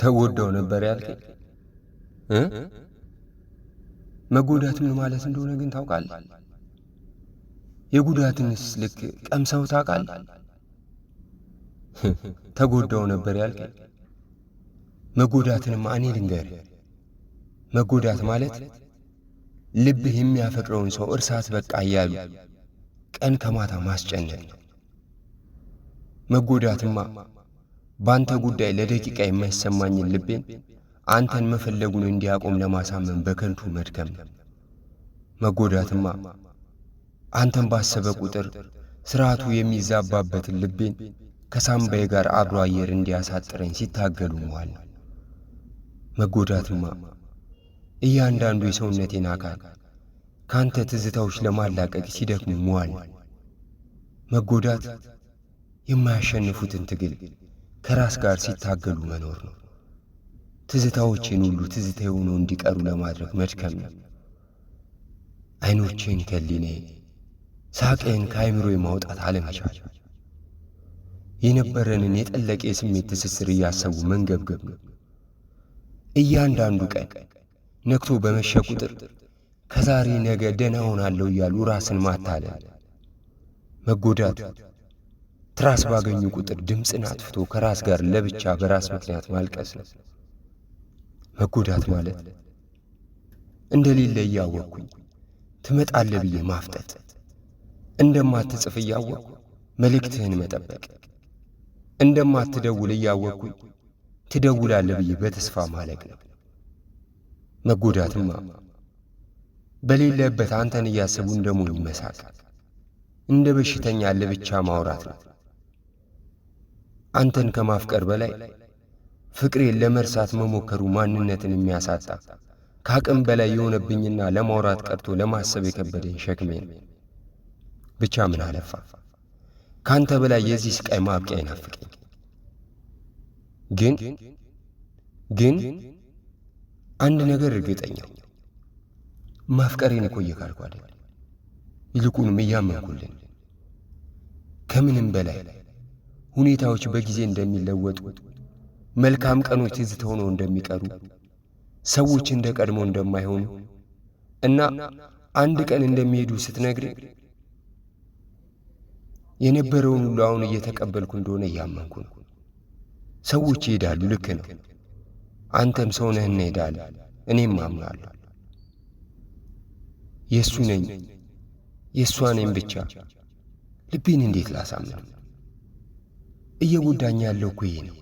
ተጎዳው ነበር ያልከኝ እ መጎዳት ምን ማለት እንደሆነ ግን ታውቃለህ? የጉዳትንስ ልክ ቀምሰው ታውቃለህ? ተጎዳው ነበር ያልከኝ መጎዳትንማ እኔ ልንገርህ፣ መጎዳት ማለት ልብህ የሚያፈቅረውን ሰው እርሳት በቃ እያሉ ቀን ከማታ ማስጨነቅ ነው። መጎዳትማ በአንተ ጉዳይ ለደቂቃ የማይሰማኝን ልቤን አንተን መፈለጉን እንዲያቆም ለማሳመን በከንቱ መድከም መጎዳትማ አንተን ባሰበ ቁጥር ሥርዓቱ የሚዛባበትን ልቤን ከሳምባዬ ጋር አብሮ አየር እንዲያሳጥረኝ ሲታገሉ መዋል መጎዳትማ እያንዳንዱ የሰውነቴን አካል ከአንተ ትዝታዎች ለማላቀቅ ሲደክሙ መዋል መጎዳት የማያሸንፉትን ትግል ከራስ ጋር ሲታገሉ መኖር ነው። ትዝታዎቼን ሁሉ ትዝታ የሆነው እንዲቀሩ ለማድረግ መድከም ነው። ዐይኖቼን ከሊኔ ሳቄን ከአይምሮ የማውጣት አለመቻል የነበረንን የጠለቀ የስሜት ትስስር እያሰቡ መንገብገብ ነው። እያንዳንዱ ቀን ነግቶ በመሸ ቁጥር ከዛሬ ነገ ደህና ሆናለሁ እያሉ ራስን ማታለል መጎዳት ትራስ ባገኙ ቁጥር ድምፅን አጥፍቶ ከራስ ጋር ለብቻ በራስ ምክንያት ማልቀስ ነው። መጎዳት ማለት እንደሌለ እያወቅኩኝ ትመጣለ ብዬ ማፍጠጥ፣ እንደማትጽፍ እያወቅኩ መልእክትህን መጠበቅ፣ እንደማትደውል እያወቅኩኝ ትደውላለ ብዬ በተስፋ ማለቅ ነው። መጎዳትማ በሌለበት አንተን እያሰቡ እንደሞኝ መሳቅ፣ እንደ በሽተኛ ለብቻ ማውራት ነው። አንተን ከማፍቀር በላይ ፍቅሬን ለመርሳት መሞከሩ ማንነትን የሚያሳጣ ከአቅም በላይ የሆነብኝና ለማውራት ቀርቶ ለማሰብ የከበደኝ ሸክሜ ነው። ብቻ ምን አለፋ ከአንተ በላይ የዚህ ስቃይ ማብቂያ ይናፍቀኝ። ግን ግን አንድ ነገር እርግጠኛው ማፍቀሬን እኮ እቆየ ካልኳል ይልቁንም እያመንኩልን ከምንም በላይ ሁኔታዎች በጊዜ እንደሚለወጡ፣ መልካም ቀኖች ትዝታ ሆነው እንደሚቀሩ፣ ሰዎች እንደ ቀድሞ እንደማይሆኑ እና አንድ ቀን እንደሚሄዱ ስትነግረኝ የነበረውን ሁሉ አሁን እየተቀበልኩ እንደሆነ እያመንኩ ነው። ሰዎች ይሄዳሉ፣ ልክ ነው። አንተም ሰው ነህ፣ እንሄዳለን። እኔም አምናለሁ። የእሱ ነኝ፣ የእሷ ነኝ ብቻ ልቤን እንዴት ላሳምነው? እየጎዳኝ ያለው እኮ ይሄ ነው።